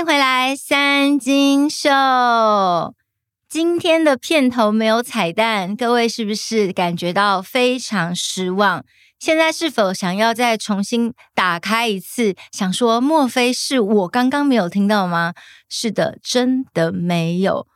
歡迎回來，三金秀。今天的片頭沒有彩蛋，各位是不是感覺到非常失望？現在是否想要再重新打開一次？想說，莫非是我剛剛沒有聽到嗎？是的，真的沒有。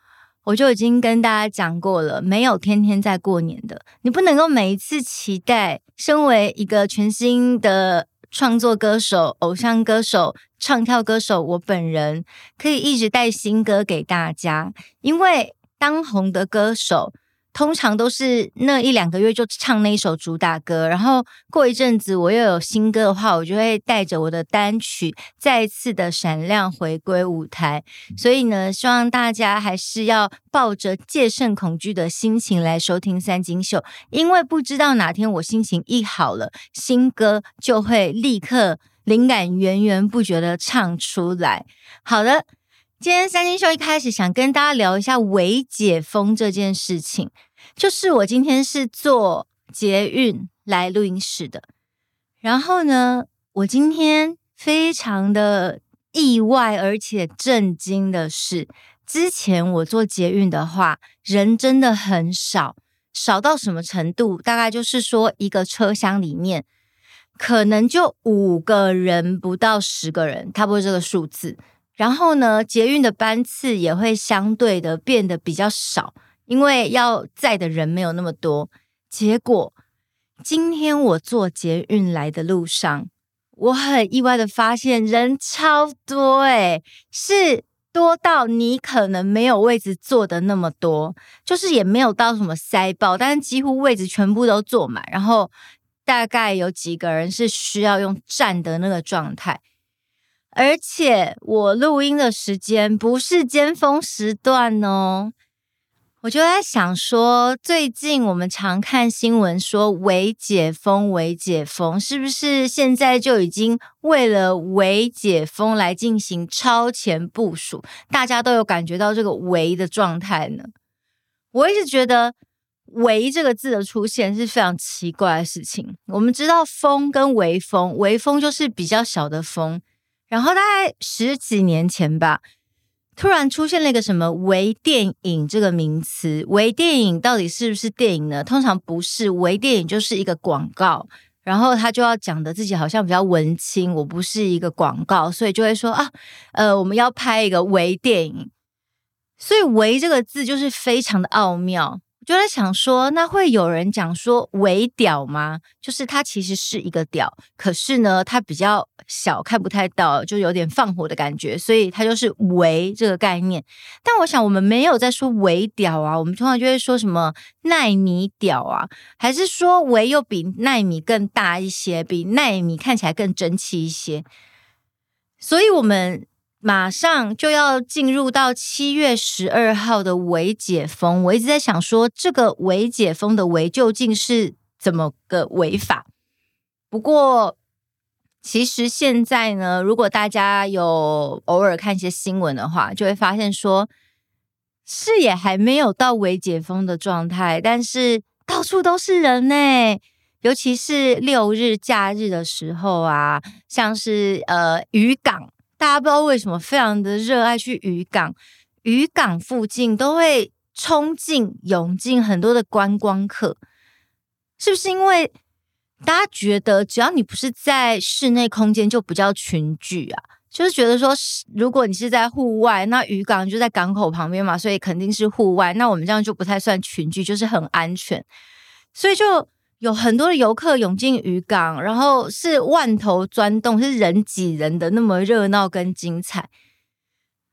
我就已經跟大家講過了，沒有天天在過年的，你不能夠每一次期待，身為一個全新的。創作歌手、偶像歌手、唱跳歌手，我本人可以一直帶新歌給大家，因為當紅的歌手。通常都是那一兩個月就唱那一首主打歌，然後過一陣子我又有新歌的話，我就會帶着我的單曲再次的閃亮回歸舞台。所以呢，希望大家還是要抱着戒慎恐懼的心情來收聽三金秀，因為不知道哪天我心情一好了，新歌就會立刻靈感源源不絕的唱出來。好的，今天三金秀一開始想跟大家聊一下微解封這件事情。就是我今天是坐捷運來錄音室的，然後呢，我今天非常的意外而且震驚的是，之前我坐捷運的話，人真的很少，少到什麼程度？大概就是說一個車廂裡面可能就五個人不到十個人，差不多這個數字。然後呢，捷運的班次也會相對的變得比較少。因為要載的人沒有那麼多，結果今天我坐捷運來的路上，我很意外的發現人超多誒，是多到你可能沒有位置坐的那麼多，就是也沒有到什麼塞爆，但是幾乎位置全部都坐滿，然後大概有幾個人是需要用站的那個狀態，而且我錄音的時間不是尖峰時段哦。我就在想說，最近我們常看新聞說“微解封”，“微解封”是不是現在就已經為了“微解封”來進行超前部署？大家都有感覺到這個“微”的狀態呢？我一直覺得“微”這個字的出現是非常奇怪的事情。我們知道“風”跟“微風”，“微風”就是比較小的風。然後大概十幾年前吧。突然出現了一個什麼“微電影”這個名詞，“微電影”到底是不是電影呢？通常不是，微電影就是一個廣告，然後他就要講的自己好像比較文青，我不是一個廣告，所以就會說啊，呃，我們要拍一個微電影，所以“微”這個字就是非常的奧妙。就在想說，那會有人講說“微屌”嗎？就是它其實是一個屌，可是呢，它比較小，看不太到，就有點放火的感覺，所以它就是“微”這個概念。但我想，我們沒有在說“微屌”啊，我們通常就會說什麼“奈米屌”啊，還是說“微”又比“奈米”更大一些，比“奈米”看起來更整齊一些，所以我們。馬上就要進入到七月十二號的微解封，我一直在想說，這個微解封的微究竟是怎麼個微法？不過，其實現在呢，如果大家有偶爾看一些新聞的話，就會發現說，視野還沒有到微解封的狀態，但是到處都是人呢，尤其是六日假日的時候啊，像是呃漁港。大家不知道為什麼非常的熱愛去漁港，漁港附近都會衝進湧進很多的觀光客，是不是因為大家覺得只要你不是在室內空間，就不叫群聚啊？就是覺得說，如果你是在戶外，那漁港就在港口旁邊嘛，所以肯定是戶外。那我們這樣就不太算群聚，就是很安全，所以就。有很多的遊客湧進漁港，然後是萬頭攢動，是人擠人的那麼熱鬧跟精彩。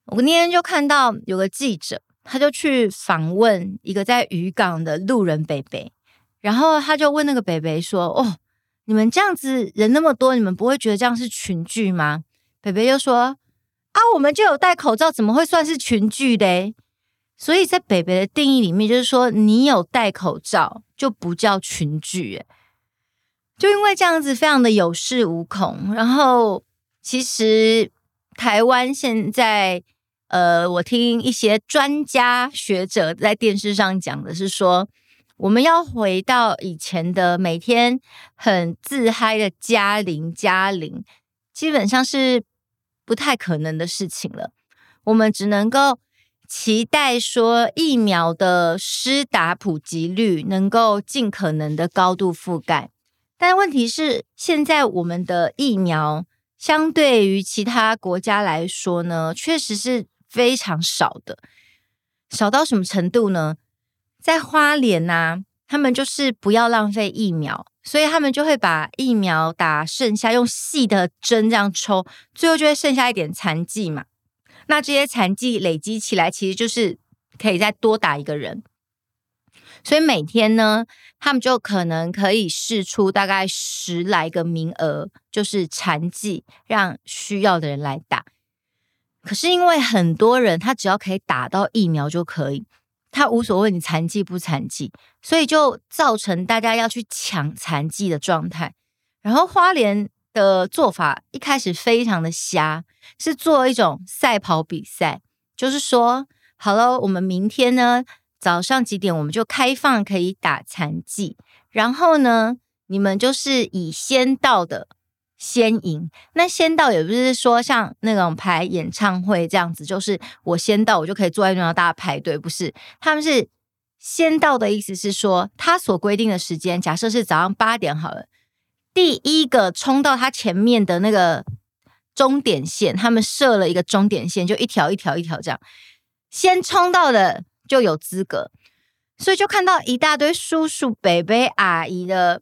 我那天就看到有個記者，他就去訪問一個在漁港的路人北北，然後他就問那個北北說：“哦，你們這樣子人那麼多，你們不會覺得這樣是群聚嗎？”北北就說：“啊，我們就有戴口罩，怎麼會算是群聚嘞？”所以在北北的定義裡面，就是說你有戴口罩就不叫群聚，就因為這樣子非常的有恃無恐。然後，其實台灣現在，呃，我聽一些專家學者在電視上講的是說，我們要回到以前的每天很自嗨的加零加零，基本上是不太可能的事情了。我們只能夠。期待說疫苗的施打普及率能夠盡可能的高度覆蓋，但問題是，現在我們的疫苗相對於其他國家來說呢，確實是非常少的。少到什麼程度呢？在花蓮吶、啊，他們就是不要浪費疫苗，所以他們就會把疫苗打剩下，用細的針這樣抽，最後就會剩下一點殘劑嘛。那這些殘劑累積起來，其實就是可以再多打一個人，所以每天呢，他們就可能可以釋出大概十來個名額，就是殘劑，讓需要的人來打。可是因為很多人，他只要可以打到疫苗就可以，他無所謂你殘劑不殘劑，所以就造成大家要去搶殘劑的狀態。然後花蓮的做法一開始非常的瞎。是做一種賽跑比賽，就是說好了，我們明天呢，早上幾點我們就開放可以打殘劑。然後呢，你們就是以先到的先贏。那先到也不是說像那種排演唱會這樣子，就是我先到我就可以坐在那讓大家排隊，不是？他們是先到的意思是說，他所規定的時間，假設是早上八點好了，第一個衝到他前面的那個。終點線，他們設了一個終點線，就一條一條一條這樣，先衝到的就有資格，所以就看到一大堆叔叔、伯伯、阿姨的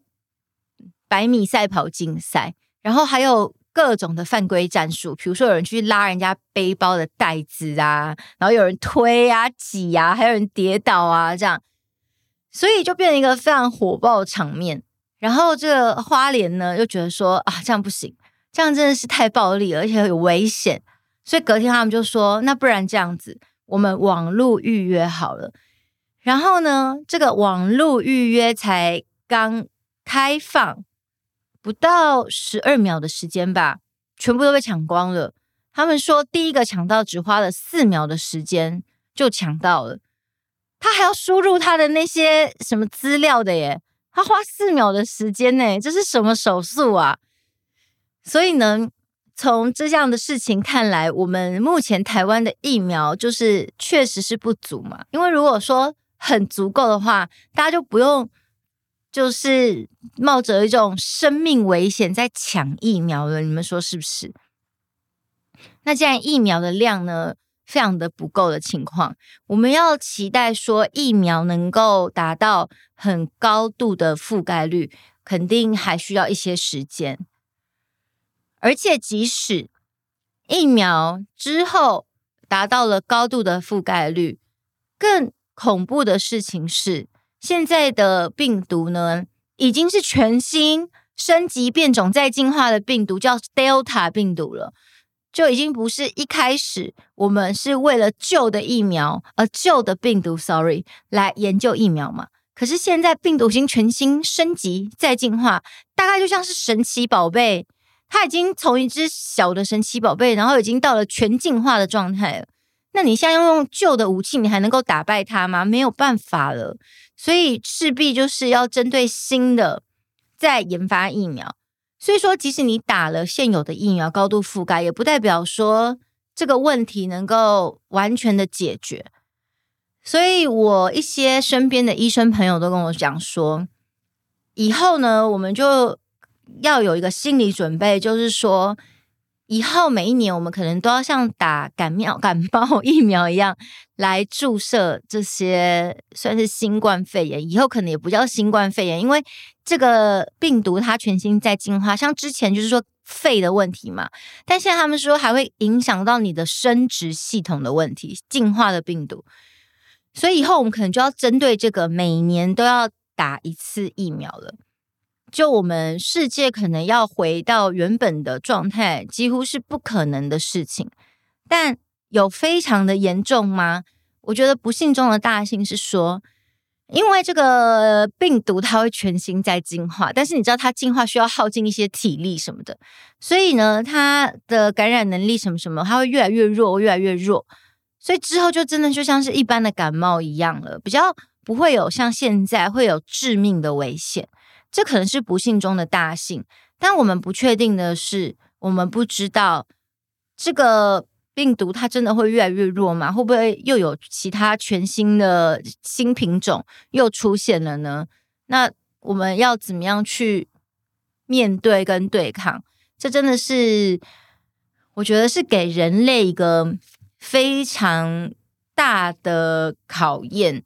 百米賽跑競賽，然後還有各種的犯規戰術，比如說有人去拉人家背包的袋子啊，然後有人推啊、擠啊，還有人跌倒啊，這樣，所以就變成一個非常火爆的場面。然後這個花蓮呢，又覺得說啊，這樣不行。這樣真的是太暴力，而且很危險，所以隔天他們就說：“那不然這樣子，我們網絡預約好了。”然後呢，這個網絡預約才剛開放不到十二秒的時間吧，全部都被搶光了。他們說第一個搶到只花了四秒的時間就搶到了，他還要輸入他的那些什麼資料的耶，他花四秒的時間呢，這是什麼手速啊？所以呢，從這樣的事情看來，我們目前台灣的疫苗就是確實是不足嘛。因為如果說很足夠的話，大家就不用就是冒着一種生命危險在搶疫苗了。你們說是不是？那既然疫苗的量呢，非常的不夠的情況，我們要期待說疫苗能夠達到很高度的覆蓋率，肯定還需要一些時間。而且，即使疫苗之後達到了高度的覆蓋率，更恐怖的事情是，現在的病毒呢已經是全新升級變種再進化的病毒，叫 Delta 病毒了，就已經不是一開始我們是為了舊的疫苗而舊的病毒，sorry，來研究疫苗嘛？可是現在病毒已經全新升級再進化，大概就像是神奇寶貝。他已經從一隻小的神奇寶貝，然後已經到了全進化的狀態。那你現在要用舊的武器，你還能夠打敗他嗎？沒有辦法了，所以勢必就是要針對新的再研發疫苗。所以說，即使你打了現有的疫苗，高度覆蓋，也不代表說這個問題能夠完全的解決。所以我一些身邊的醫生朋友都跟我講說，以後呢，我們就。要有一個心理準備，就是說，以後每一年我們可能都要像打感冒、感冒疫苗一樣來注射這些，算是新冠肺炎。以後可能也不叫新冠肺炎，因為這個病毒它全新在進化，像之前就是說肺的問題嘛，但現在他們說還會影響到你的生殖系統的問題，進化的病毒，所以以後我們可能就要針對這個，每一年都要打一次疫苗了。就我們世界可能要回到原本的狀態，幾乎是不可能的事情。但有非常的嚴重嗎？我覺得不幸中的大幸是說，因為這個病毒它會全新在進化，但是你知道它進化需要耗盡一些體力什麼的，所以呢，它的感染能力什麼什麼，它會越來越弱，越來越弱。所以之後就真的就像是一般的感冒一樣了，比較不會有像現在會有致命的危險。這可能是不幸中的大幸，但我們不確定的是，我們不知道這個病毒它真的會越來越弱嗎？會不會又有其他全新的新品種又出現了呢？那我們要怎麼樣去面對跟對抗？這真的是，我覺得是給人類一個非常大的考驗。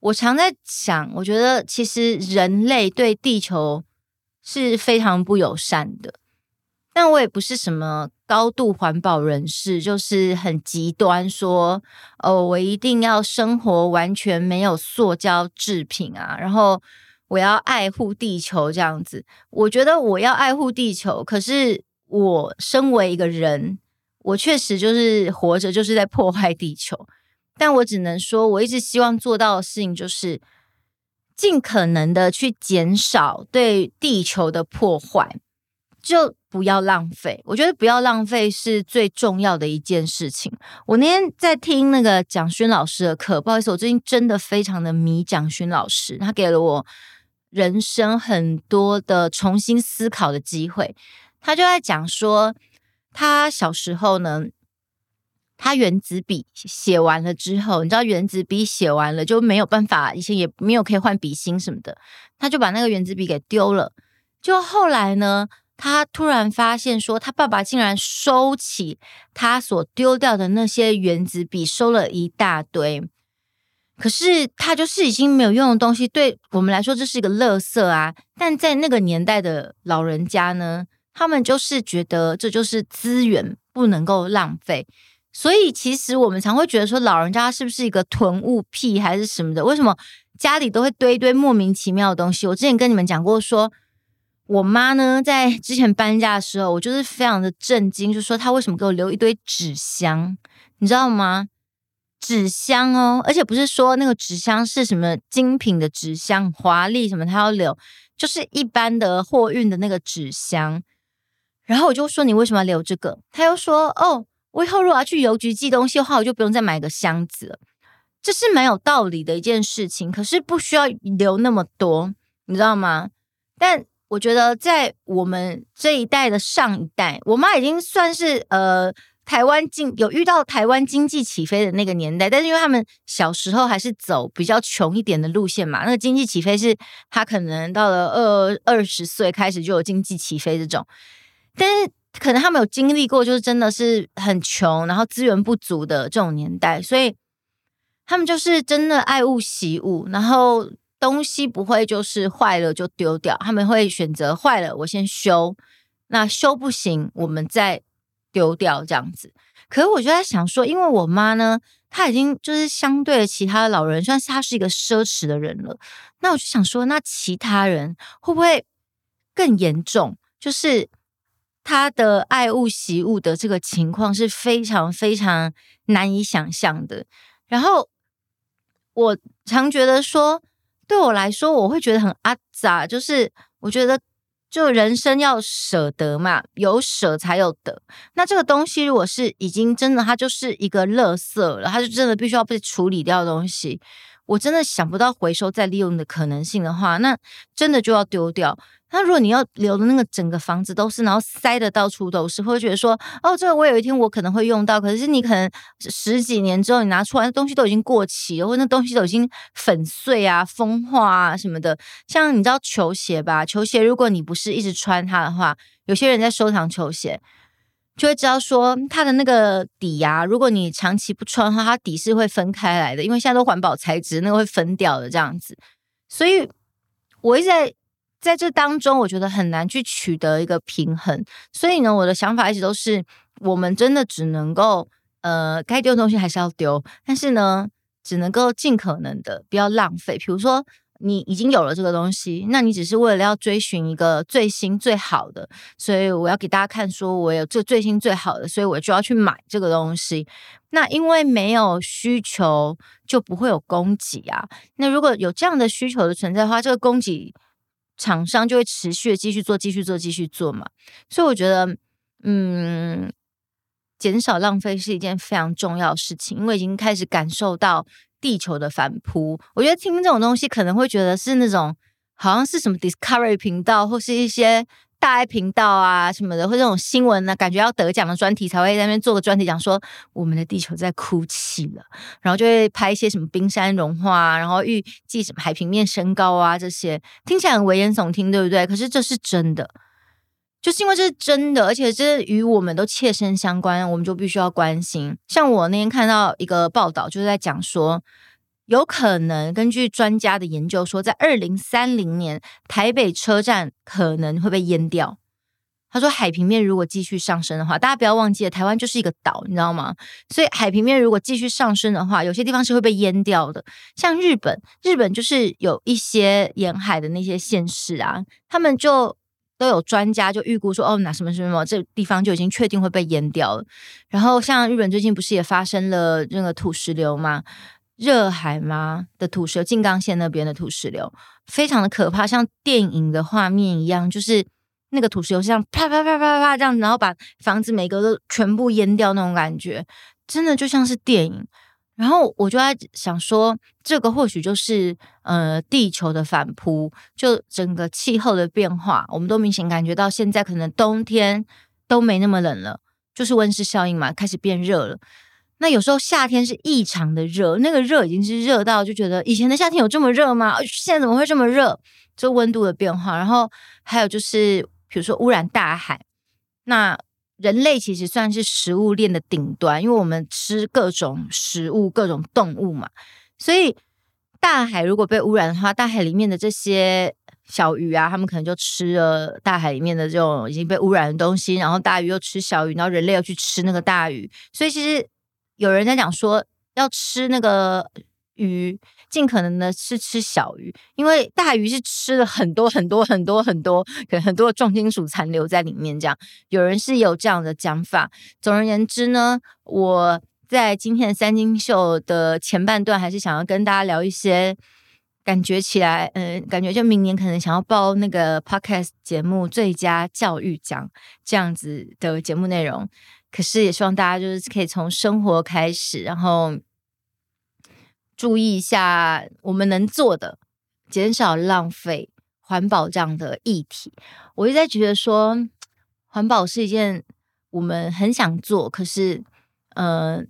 我常在想，我覺得其實人類對地球是非常不友善的，但我也不是什麼高度環保人士，就是很極端說，哦，我一定要生活完全沒有塑膠製品啊，然後我要愛護地球這樣子。我覺得我要愛護地球，可是我身為一個人，我確實就是活着就是在破壞地球。但我只能說，我一直希望做到的事情就是盡可能的去減少對地球的破壞，就不要浪費。我覺得不要浪費是最重要的一件事情。我那天在聽那個蔣勳老師的課，不好意思，我最近真的非常的迷蔣勳老師，他給了我人生很多的重新思考的機會。他就在講說，他小時候呢。他原子筆寫完了之後，你知道原子筆寫完了就沒有辦法，以前也沒有可以換筆芯什麼的，他就把那個原子筆給丟了。就後來呢，他突然發現說，他爸爸竟然收起他所丟掉的那些原子筆，收了一大堆。可是他就是已經沒有用的東西，對我們來說這是一個垃圾啊。但在那個年代的老人家呢，他們就是覺得這就是資源，不能夠浪費。所以其實我們常會覺得說，老人家是不是一個囤物癖還是什麼的？為什麼家裡都會堆一堆莫名其妙的東西？我之前跟你們講過說，說我媽呢在之前搬家的時候，我就是非常的震驚，就說她為什麼給我留一堆紙箱，你知道嗎？紙箱哦，而且不是說那個紙箱是什麼精品的紙箱、華麗什麼，她要留，就是一般的貨運的那個紙箱。然後我就說你為什麼要留這個？她又說哦。我以後如果要去郵局寄東西的話，我就不用再買個箱子了。這是蠻有道理的一件事情，可是不需要留那麼多，你知道嗎？但我覺得在我們這一代的上一代，我媽已經算是呃台灣經有遇到台灣經濟起飛的那個年代，但是因為他們小時候還是走比較窮一點的路線嘛，那個經濟起飛是她可能到了二二十歲開始就有經濟起飛這種，但是。可能他們有經歷過，就是真的是很窮，然後資源不足的這種年代，所以他們就是真的愛物惜物，然後東西不會就是壞了就丟掉，他們會選擇壞了我先修，那修不行我們再丟掉這樣子。可是我就在想說，因為我媽呢，她已經就是相對其他的老人，算是她是一個奢侈的人了，那我就想說，那其他人會不會更嚴重？就是。他的愛物惜物的這個情況是非常非常難以想象的。然後我常覺得說，對我來說，我會覺得很阿雜，就是我覺得就人生要捨得嘛，有捨才有得。那這個東西如果是已經真的，它就是一個垃圾了，它就真的必須要被處理掉的東西。我真的想不到回收再利用你的可能性的話，那真的就要丟掉。那如果你要留的那個整個房子都是，然後塞得到處都是，會會覺得說，哦，這個我有一天我可能會用到。可是你可能十幾年之後你拿出來的東西都已經過期，或者那東西都已經粉碎啊、風化啊什麼的。像你知道球鞋吧？球鞋如果你不是一直穿它的話，有些人在收藏球鞋。就會知道說，它的那個底啊，如果你長期不穿的話，它底是會分開來的，因為現在都環保材質，那個會分掉的這樣子。所以，我一直在在這當中，我覺得很難去取得一個平衡。所以呢，我的想法一直都是，我們真的只能夠，呃，該丟的東西還是要丟，但是呢，只能夠盡可能的不要浪費，比如說。你已經有了這個東西，那你只是為了要追尋一個最新最好的，所以我要給大家看，說我有這最新最好的，所以我就要去買這個東西。那因為沒有需求，就不會有供給啊。那如果有這樣的需求的存在的話，這個供給廠商就會持續的繼續做，繼續做，繼續做嘛。所以我覺得，嗯，減少浪費是一件非常重要的事情，因為已經開始感受到地球的反撲，我覺得聽這種東西可能會覺得是那種好像是什麼 Discovery 頻道或是一些大愛頻道啊什麼的，或這種新聞呢、啊，感覺要得獎的專題才會在那邊做個專題講說我們的地球在哭泣了，然後就會拍一些什麼冰山融化然後預計什麼海平面升高啊這些，聽起來很危言聳聽，對不對？可是這是真的。就是因為這是真的，而且這與我們都切身相關，我們就必須要關心。像我那天看到一個報道，就是在講說，有可能根據專家的研究說，在二零三零年，台北車站可能會被淹掉。他說，海平面如果繼續上升的話，大家不要忘記了，台灣就是一個島，你知道嗎？所以海平面如果繼續上升的話，有些地方是會被淹掉的。像日本，日本就是有一些沿海的那些縣市啊，他們就。都有專家就預估說，哦，那什麼什麼這地方就已經確定會被淹掉了。然後像日本最近不是也發生了那個土石流嗎？熱海嗎的土石流，靜岡縣那邊的土石流，非常的可怕，像電影的畫面一樣，就是那個土石流是像啪啪啪啪啪啪啪這樣子，然後把房子每個都全部淹掉那種感覺，真的就像是電影。然後我就在想說，這個或許就是呃地球的反撲，就整個氣候的變化，我們都明顯感覺到，現在可能冬天都沒那麼冷了，就是溫室效應嘛，開始變熱了。那有時候夏天是異常的熱，那個熱已經是熱到就覺得以前的夏天有這麼熱嗎？現在怎麼會這麼熱？這溫度的變化，然後還有就是比如說污染大海，那。人類其實算是食物鏈的頂端，因為我們吃各種食物、各種動物嘛。所以，大海如果被汙染的話，大海裡面的這些小魚啊，他們可能就吃了大海裡面的這種已經被汙染的東西，然後大魚又吃小魚，然後人類又去吃那個大魚。所以，其實有人在講說要吃那個。魚盡可能的是吃小魚，因為大魚是吃了很多很多很多很多可能很多重金屬殘留在裡面。這樣有人是有這樣的講法。總而言之呢，我在今天的三金秀的前半段還是想要跟大家聊一些感覺起來，嗯，感覺就明年可能想要報那個 podcast 節目最佳教育獎這樣子的節目內容。可是也希望大家就是可以從生活開始，然後。注意一下我們能做的，減少浪費、環保這樣的議題，我一直在覺得說，環保是一件我們很想做，可是，嗯、呃，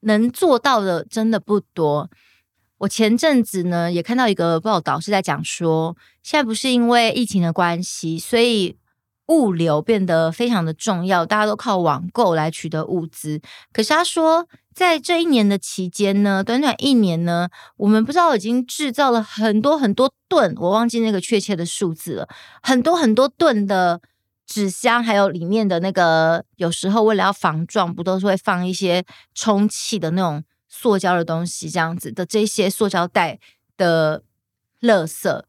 能做到的真的不多。我前陣子呢也看到一個報道是在講說，現在不是因為疫情的關係，所以物流變得非常的重要，大家都靠網購來取得物資，可是他說。在這一年的期間呢，短短一年呢，我們不知道已經制造了很多很多噸，我忘記那個確切的數字了。很多很多噸的紙箱，還有裡面的那個，有時候為了要防撞，不都是會放一些充氣的那種塑膠的東西，這樣子的這些塑膠袋的垃圾。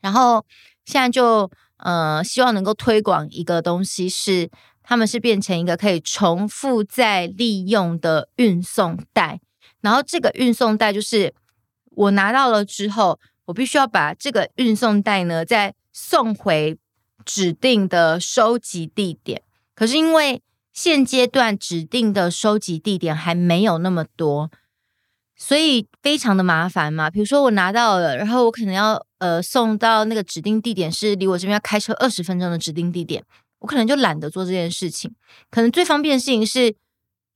然後現在就呃，希望能夠推廣一個東西是。他們是變成一個可以重複再利用的運送袋，然後這個運送袋就是我拿到了之後，我必須要把這個運送袋呢再送回指定的收集地點。可是因為現階段指定的收集地點還沒有那麼多，所以非常的麻煩嘛。比如說我拿到了，然後我可能要呃送到那個指定地點是離我這邊要開車二十分鐘的指定地點。我可能就懶得做這件事情，可能最方便的事情是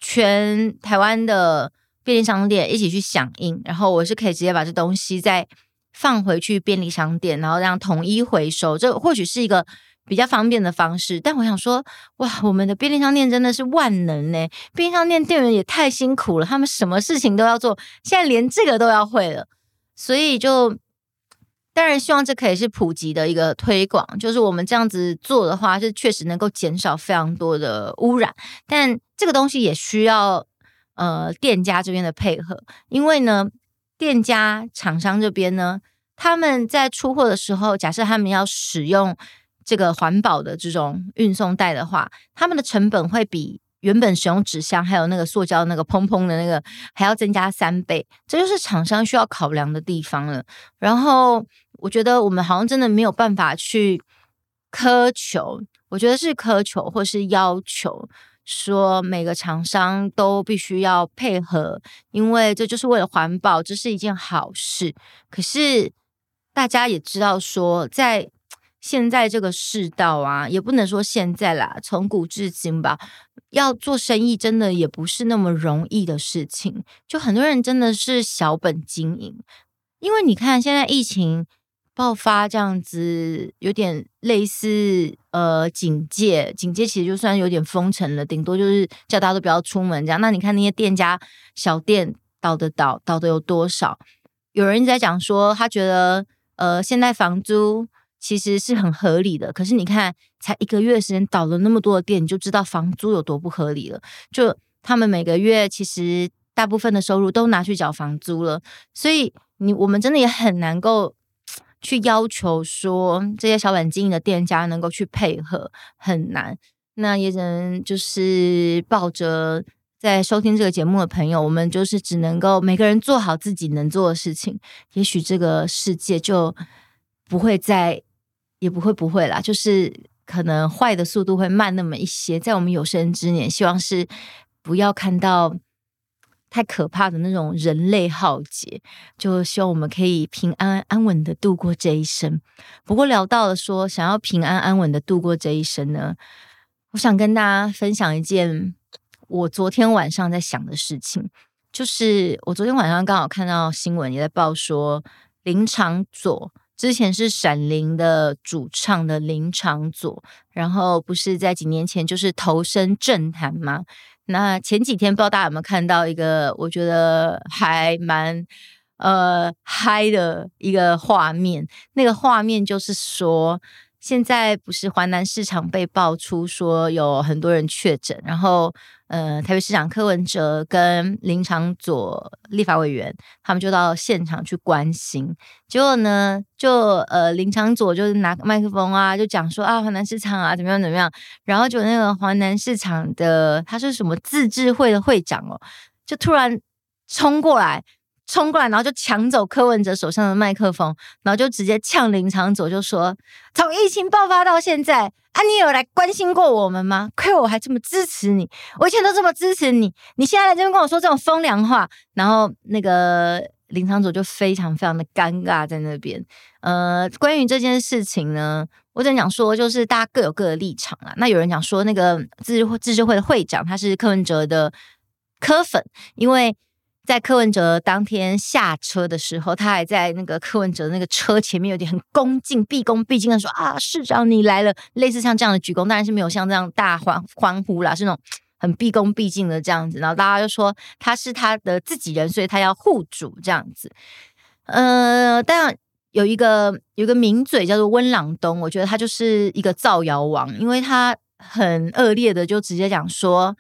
全台灣的便利商店一起去響應，然後我是可以直接把這東西再放回去便利商店，然後讓統一回收。這或許是一個比較方便的方式，但我想說，哇，我們的便利商店真的是萬能欸！便利商店店員也太辛苦了，他們什麼事情都要做，現在連這個都要會了，所以就。當然，希望這可以是普及的一個推廣。就是我們這樣子做的話，是確實能夠減少非常多的污染。但這個東西也需要呃店家這邊的配合，因為呢，店家廠商這邊呢，他們在出貨的時候，假設他們要使用這個環保的這種運送袋的話，他們的成本會比原本使用紙箱還有那個塑膠那個砰砰的那個還要增加三倍。這就是廠商需要考量的地方了。然後。我覺得我們好像真的沒有辦法去苛求，我覺得是苛求或是要求，說每個廠商都必須要配合，因為這就是為了環保，這是一件好事。可是大家也知道，說在現在這個世道啊，也不能說現在啦，從古至今吧，要做生意真的也不是那麼容易的事情。就很多人真的是小本經營，因為你看現在疫情。爆發這樣子，有點類似呃警戒，警戒其實就算有點封城了，頂多就是叫大家都不要出門這樣。那你看那些店家小店倒的倒倒的有多少？有人在講說，他覺得呃現在房租其實是很合理的，可是你看才一個月時間倒了那麼多的店，你就知道房租有多不合理了。就他們每個月其實大部分的收入都拿去繳房租了，所以你我們真的也很難過。去要求說，這些小本經營的店家能夠去配合，很難，那也只能就是抱着在收聽這個節目的朋友，我們就是只能夠每個人做好自己能做的事情，也許這個世界就不會再也不會不會啦，就是可能壞的速度會慢那麼一些，在我們有生之年，希望是不要看到，太可怕的那種人類浩劫，就希望我們可以平安安穩的度過這一生。不過聊到了說想要平安安穩的度過這一生呢，我想跟大家分享一件我昨天晚上在想的事情，就是我昨天晚上剛好看到新聞也在報說林昶佐之前是閃靈的主唱的林昶佐，然後不是在幾年前就是投身政壇嗎？那前幾天不知道大家有沒有看到一個，我覺得還蠻，呃，嗨的一個畫面。那個畫面就是說，現在不是華南市場被爆出說有很多人確診，然後呃，台北市長柯文哲跟林昶佐立法委員他們就到現場去關心，結果呢，就呃林昶佐就是拿個麥克風啊，就講說啊華南市場啊怎麼樣怎麼樣，然後就那個華南市場的他是什麼自治會的會長哦，就突然衝過來。衝過來，然後就搶走柯文哲手上的麥克風，然後就直接嗆林昶佐。就說：“從疫情爆發到現在，啊，你有來關心過我們嗎？虧我還這麼支持你，我以前都這麼支持你，你現在就跟我說這種風涼話。”然後那個林昶佐就非常非常的尷尬在那邊。呃，關於這件事情呢，我只想說，就是大家各有各的立場啊。那有人講說，那個自治會自治會的會長他是柯文哲的柯粉，因為。在柯文哲當天下車的時候，他還在那個柯文哲那個車前面，有點很恭敬，畢恭畢敬的說：“啊，市長你來了。”類似像這樣的鞠躬，當然是沒有像這樣大歡歡呼啦，是那種很畢恭畢敬的這樣子。然後大家就說他是他的自己人，所以他要護主這樣子。呃，但有一個有一個名嘴叫做溫朗東，我覺得他就是一個造謠王，因為他很惡劣的就直接講說。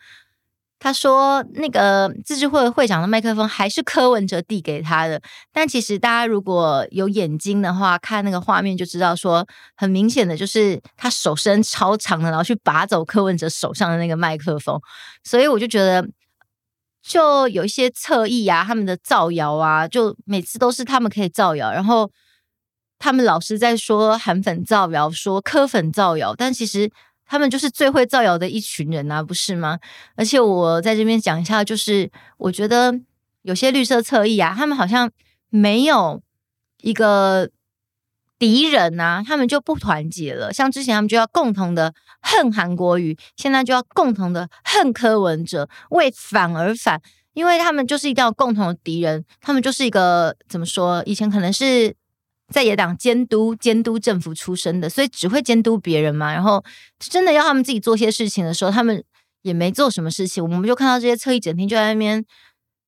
他說：“那個自治會會長的麥克風還是柯文哲遞給他的，但其實大家如果有眼睛的話，看那個畫面就知道，說很明顯的就是他手伸超長的，然後去拔走柯文哲手上的那個麥克風。所以我就覺得，就有一些側翼啊，他們的造謠啊，就每次都是他們可以造謠，然後他們老是在說韓粉造謠，說柯粉造謠，但其實。”他們就是最會造謠的一群人啊，不是嗎？而且我在這邊講一下，就是我覺得有些綠色側翼啊，他們好像沒有一個敵人啊，他們就不團結了。像之前他們就要共同的恨韓國瑜，現在就要共同的恨柯文哲，為反而反，因為他們就是一定要共同的敵人，他們就是一個怎麼說？以前可能是。在野黨監督監督政府出身的，所以只會監督別人嘛。然後真的要他們自己做些事情的時候，他們也沒做什麼事情。我們就看到這些側翼整天就在那邊，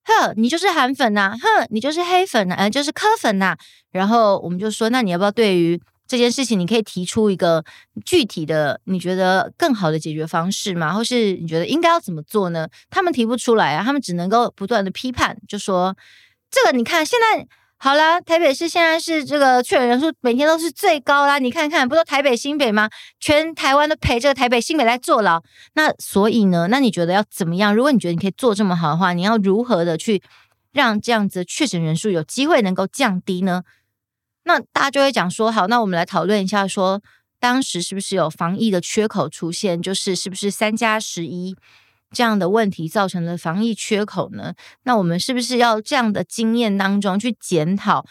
哼，你就是韓粉吶，哼，你就是黑粉吶，呃，就是科粉吶。然後我們就說，那你要不要對於這件事情，你可以提出一個具體的，你覺得更好的解決方式嗎？或是你覺得應該要怎麼做呢？他們提不出來啊，他們只能夠不斷的批判，就說這個你看現在。好啦，台北市現在是這個確診人數每天都是最高啦，你看看，不都台北新北嗎？全台灣都陪這個台北新北來坐牢。那所以呢，那你覺得要怎麼樣？如果你覺得你可以做這麼好的話，你要如何的去讓這樣子確診人數有機會能夠降低呢？那大家就會講說，好，那我們來討論一下說，說當時是不是有防疫的缺口出現？就是是不是三加十一？這樣的問題造成的防疫缺口呢？那我們是不是要這樣的經驗當中去檢討，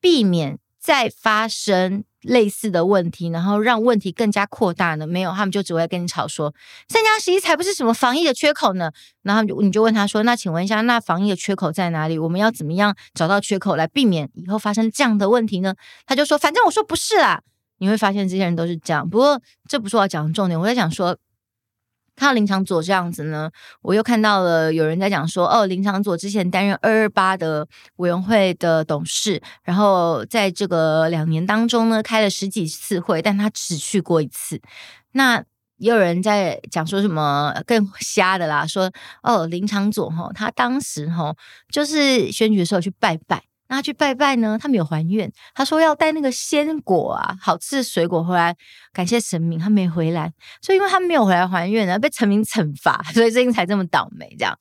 避免再發生類似的問題，然後讓問題更加擴大呢？沒有，他們就只會跟你吵說“三加十一”才不是什麼防疫的缺口呢。然後你就問他說：“那請問一下，那防疫的缺口在哪裡？我們要怎麼樣找到缺口來避免以後發生這樣的問題呢？”他就說：“反正我說不是啦。”你會發現這些人都是這樣。不過這不是我要講的重點，我在講說。看到林昶佐這樣子呢，我又看到了有人在講說，哦，林昶佐之前擔任二二八的委員會的董事，然後在這個兩年當中呢，開了十幾次會，但他只去過一次。那也有人在講說什麼更瞎的啦，說哦，林昶佐哈、哦，他當時哈、哦、就是選舉的時候去拜拜。那去拜拜呢，他沒有還願。他說要帶那個鮮果啊，好吃的水果回來感謝神明。他沒回來，所以因為他沒有回來還願呢，被神明懲罰，所以最近才這麼倒霉。這樣。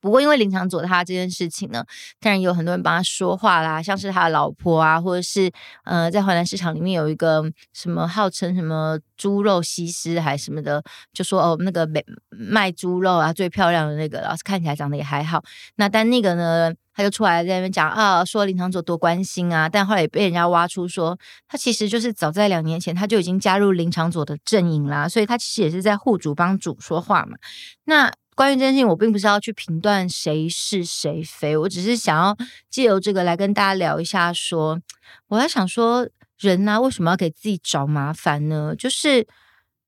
不過因為林昶佐他這件事情呢，當然有很多人幫他說話啦，像是他的老婆啊，或者是呃，在淮南市場裡面有一個什麼號稱什麼“豬肉西施”還是什麼的，就說哦，那個賣賣豬肉啊最漂亮的那個，老師看起來長得也還好。那但那個呢，他就出來在那邊講啊、哦，說林昶佐多關心啊，但後來也被人家挖出說，他其實就是早在兩年前他就已經加入林昶佐的陣營啦，所以他其實也是在護主幫主說話嘛。那關於這件事情，我並不是要去評斷誰是誰非，我只是想要借由這個來跟大家聊一下說，說我在想說人啊，為什麼要給自己找麻煩呢？就是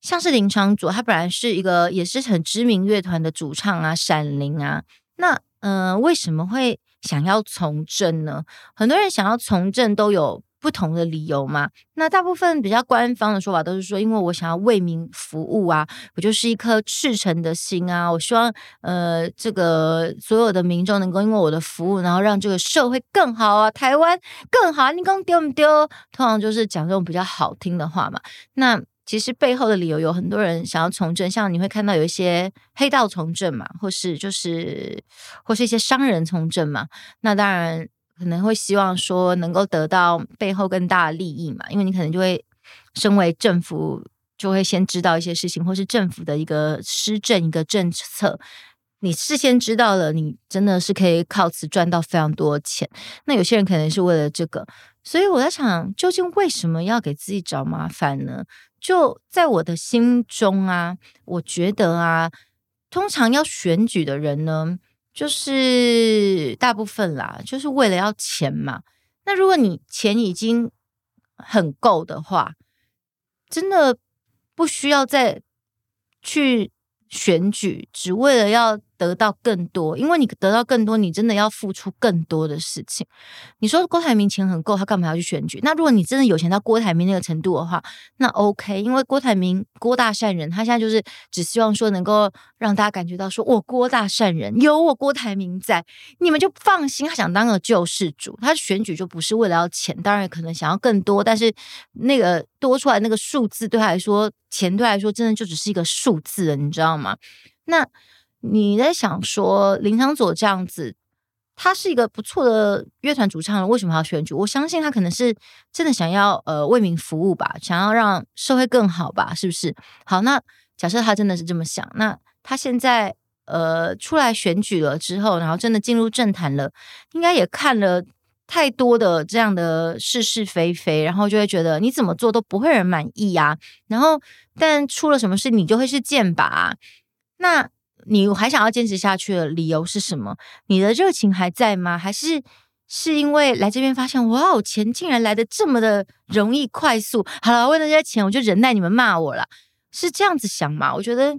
像是林昶佐，他本來是一個也是很知名樂團的主唱啊，閃靈啊，那嗯、呃，為什麼會？想要從政呢？很多人想要從政都有不同的理由嘛。那大部分比較官方的說法都是說，因為我想要為民服務啊，我就是一顆赤誠的心啊，我希望呃這個所有的民眾能夠因為我的服務，然後讓這個社會更好啊，台灣更好啊，你講丟不丟？通常就是講這種比較好聽的話嘛。那。其實背後的理由，有很多人想要從政，像你會看到有一些黑道從政嘛，或是就是或是一些商人從政嘛。那當然可能會希望說能夠得到背後更大的利益嘛，因為你可能就會身為政府就會先知道一些事情，或是政府的一個施政一個政策，你事先知道了，你真的是可以靠此賺到非常多錢。那有些人可能是為了這個，所以我在想，究竟為什麼要給自己找麻煩呢？就在我的心中啊，我覺得啊，通常要選舉的人呢，就是大部分啦，就是為了要錢嘛。那如果你錢已經很夠的話，真的不需要再去選舉，只為了要。得到更多，因為你得到更多，你真的要付出更多的事情。你說郭台銘錢很夠，他幹嘛要去選舉？那如果你真的有錢到郭台銘那個程度的話，那 OK，因為郭台銘郭大善人，他現在就是只希望說能夠讓大家感覺到說，我、哦、郭大善人有我郭台銘在，你們就放心。他想當個救世主，他選舉就不是為了要錢，當然可能想要更多，但是那個多出來那個數字對他來說，錢對他來說真的就只是一個數字了，你知道嗎？那。你在想說林昶佐，這樣子，他是一個不錯的樂團主唱，為什麼要選舉？我相信他可能是真的想要呃為民服務吧，想要讓社會更好吧，是不是？好，那假設他真的是這麼想，那他現在呃出來選舉了之後，然後真的進入政壇了，應該也看了太多的這樣的是是非非，然後就會覺得你怎麼做都不會人滿意呀、啊。然後但出了什麼事，你就會是箭靶、啊、那。你還想要堅持下去的理由是什麼？你的熱情還在嗎？還是是因為來這邊發現哇，錢竟然來得這麼的容易快速？好了，為了這些錢，我就忍耐你們罵我了。是這樣子想嘛？我覺得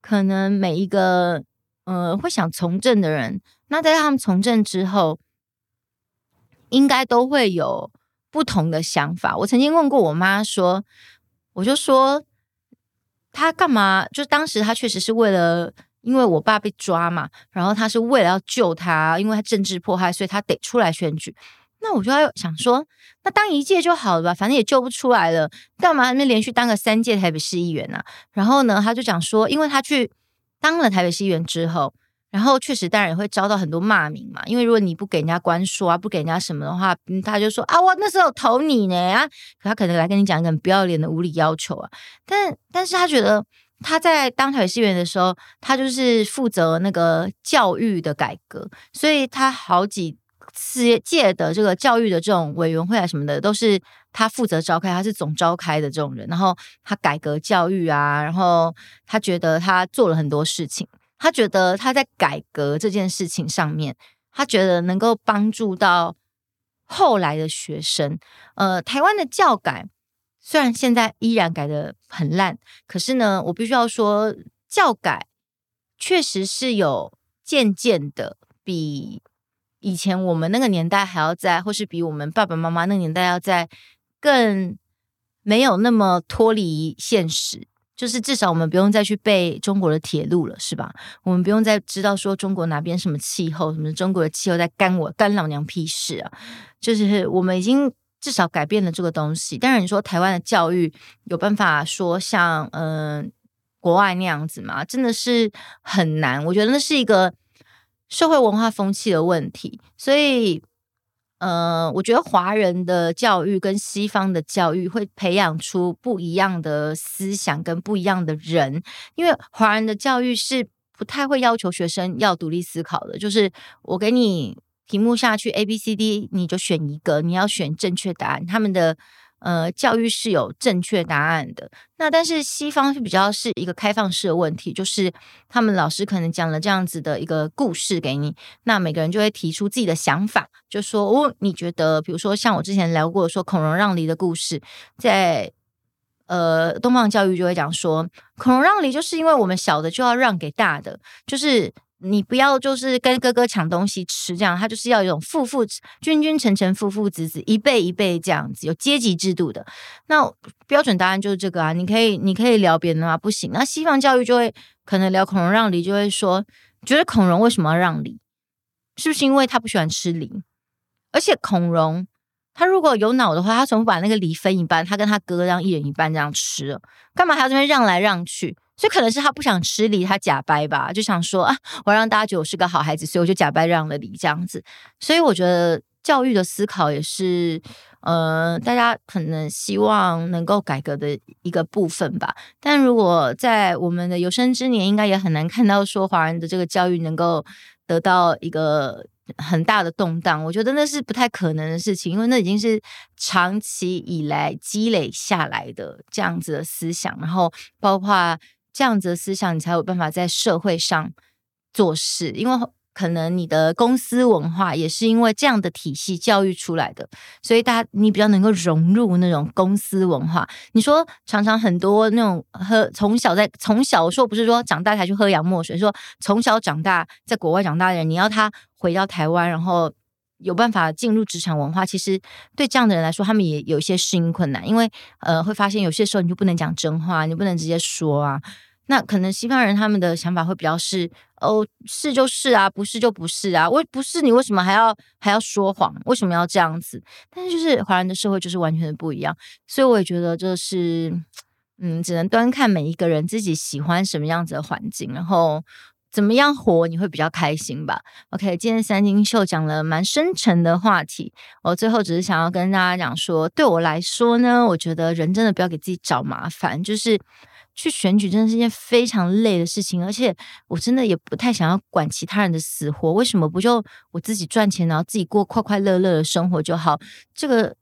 可能每一個呃會想從政的人，那在他們從政之後，應該都會有不同的想法。我曾經問過我媽說，我就說她幹嘛？就當時她確實是為了。因為我爸被抓嘛，然後他是為了要救他，因為他政治迫害，所以他得出來選舉。那我就想說，那當一屆就好了吧，反正也救不出來了，幹嘛那連續當個三屆台北市議員呢、啊？然後呢，他就講說，因為他去當了台北市議員之後，然後確實當然也會遭到很多罵名嘛，因為如果你不給人家關說啊，不給人家什麼的話，嗯、他就說啊，我那時候投你呢啊，可他可能來跟你講一個很不要臉的無理要求啊。但但是他覺得。他在當台北市議員的時候，他就是負責那個教育的改革，所以他好幾次屆的這個教育的這種委員會啊什麼的，都是他負責召開，他是總召開的這種人。然後他改革教育啊，然後他覺得他做了很多事情，他覺得他在改革這件事情上面，他覺得能夠幫助到後來的學生。呃，台灣的教改。雖然現在依然改得很爛，可是呢，我必須要說，教改確實是有漸漸的比以前我們那個年代還要在，或是比我們爸爸媽媽那個年代要在更沒有那麼脫離現實。就是至少我們不用再去背中國的鐵路了，是吧？我們不用再知道說中國哪邊什麼氣候，什麼中國的氣候在干我干老娘屁事啊！就是我們已經。至少改變了這個東西。但是，你說台灣的教育有辦法說像嗯、呃、國外那樣子嗎？真的是很難。我覺得那是一個社會文化風氣的問題。所以，呃，我覺得華人的教育跟西方的教育會培養出不一樣的思想跟不一樣的人，因為華人的教育是不太會要求學生要獨立思考的，就是我給你。題目下去 A B C D，你就選一個。你要選正確答案。他們的呃教育，是有正確答案的。那但是西方是比較是一個開放式的問題，就是他們老師可能講了這樣子的一個故事給你，那每個人就會提出自己的想法，就說哦，你覺得比如說像我之前聊過說孔融讓梨的故事，在呃東方教育就會講說孔融讓梨就是因為我們小的就要讓給大的，就是。你不要就是跟哥哥搶東西吃，這樣他就是要有一種父父子君君臣臣，父父子子一輩一輩這樣子，有階級制度的。那標準答案就是這個啊，你可以你可以聊別人的話，不行。那西方教育就會可能聊孔融讓梨，就會說，覺得孔融為什麼要讓梨？是不是因為他不喜歡吃梨？而且孔融他如果有腦的話，他怎麼把那個梨分一半，他跟他哥哥讓一人一半這樣吃了，幹嘛還要這邊讓來讓去？就可能是他不想吃梨，他假掰吧，就想說啊，我讓大家覺得我是個好孩子，所以我就假掰讓了梨，這樣子。所以我覺得教育的思考也是呃，大家可能希望能夠改革的一個部分吧。但如果在我們的有生之年，應該也很難看到說華人的這個教育能夠得到一個很大的動盪。我覺得那是不太可能的事情，因為那已經是長期以來積累下來的這樣子的思想，然後包括。這樣子的思想，你才有辦法在社會上做事。因為可能你的公司文化也是因為這樣的體系教育出來的，所以大家你比較能夠融入那種公司文化。你說常常很多那種喝從小在從小說不是說長大才去喝洋墨水，就是、說從小長大在國外長大的人，你要他回到台灣，然後有辦法進入職場文化，其實對這樣的人來說，他們也有一些適應困難，因為呃會發現有些時候你就不能講真話，你不能直接說啊。那可能西方人他們的想法會比較是，哦，是就是啊，不是就不是啊，我不是你為什麼還要還要說謊？為什麼要這樣子？但是就是華人的社會就是完全的不一樣，所以我也覺得就是，嗯，只能端看每一個人自己喜歡什麼樣子的環境，然後怎麼樣活你會比較開心吧。OK，今天三金秀講了蠻深沉的話題，我、哦、最後只是想要跟大家講說，對我來說呢，我覺得人真的不要給自己找麻煩，就是。去選舉真的是件非常累的事情，而且我真的也不太想要管其他人的死活。為什麼不就我自己賺錢，然後自己過快快樂樂的生活就好？這個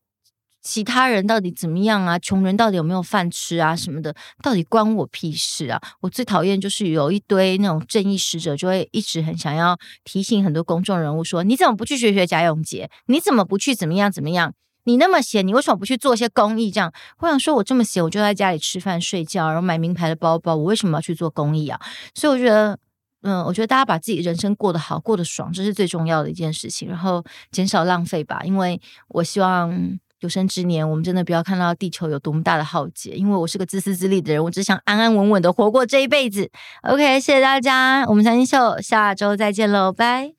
其他人到底怎麼樣啊？窮人到底有沒有飯吃啊？什麼的，到底關我屁事啊！我最討厭就是有一堆那種正義使者，就會一直很想要提醒很多公眾人物說：你怎麼不去學學賈永婕？你怎麼不去怎麼樣怎麼樣？你那麼閒，你為什麼不去做一些公益？這樣，我想說，我這麼閒，我就在家裡吃飯睡覺，然後買名牌的包包，我為什麼要去做公益啊？所以我覺得，嗯，我覺得大家把自己人生過得好，過得爽，這是最重要的一件事情。然後減少浪費吧，因為我希望有生之年，我們真的不要看到地球有多麼大的浩劫。因為我是個自私自利的人，我只想安安穩穩的活過這一輩子。OK，謝謝大家，我們張金秀下周再見嘍，拜。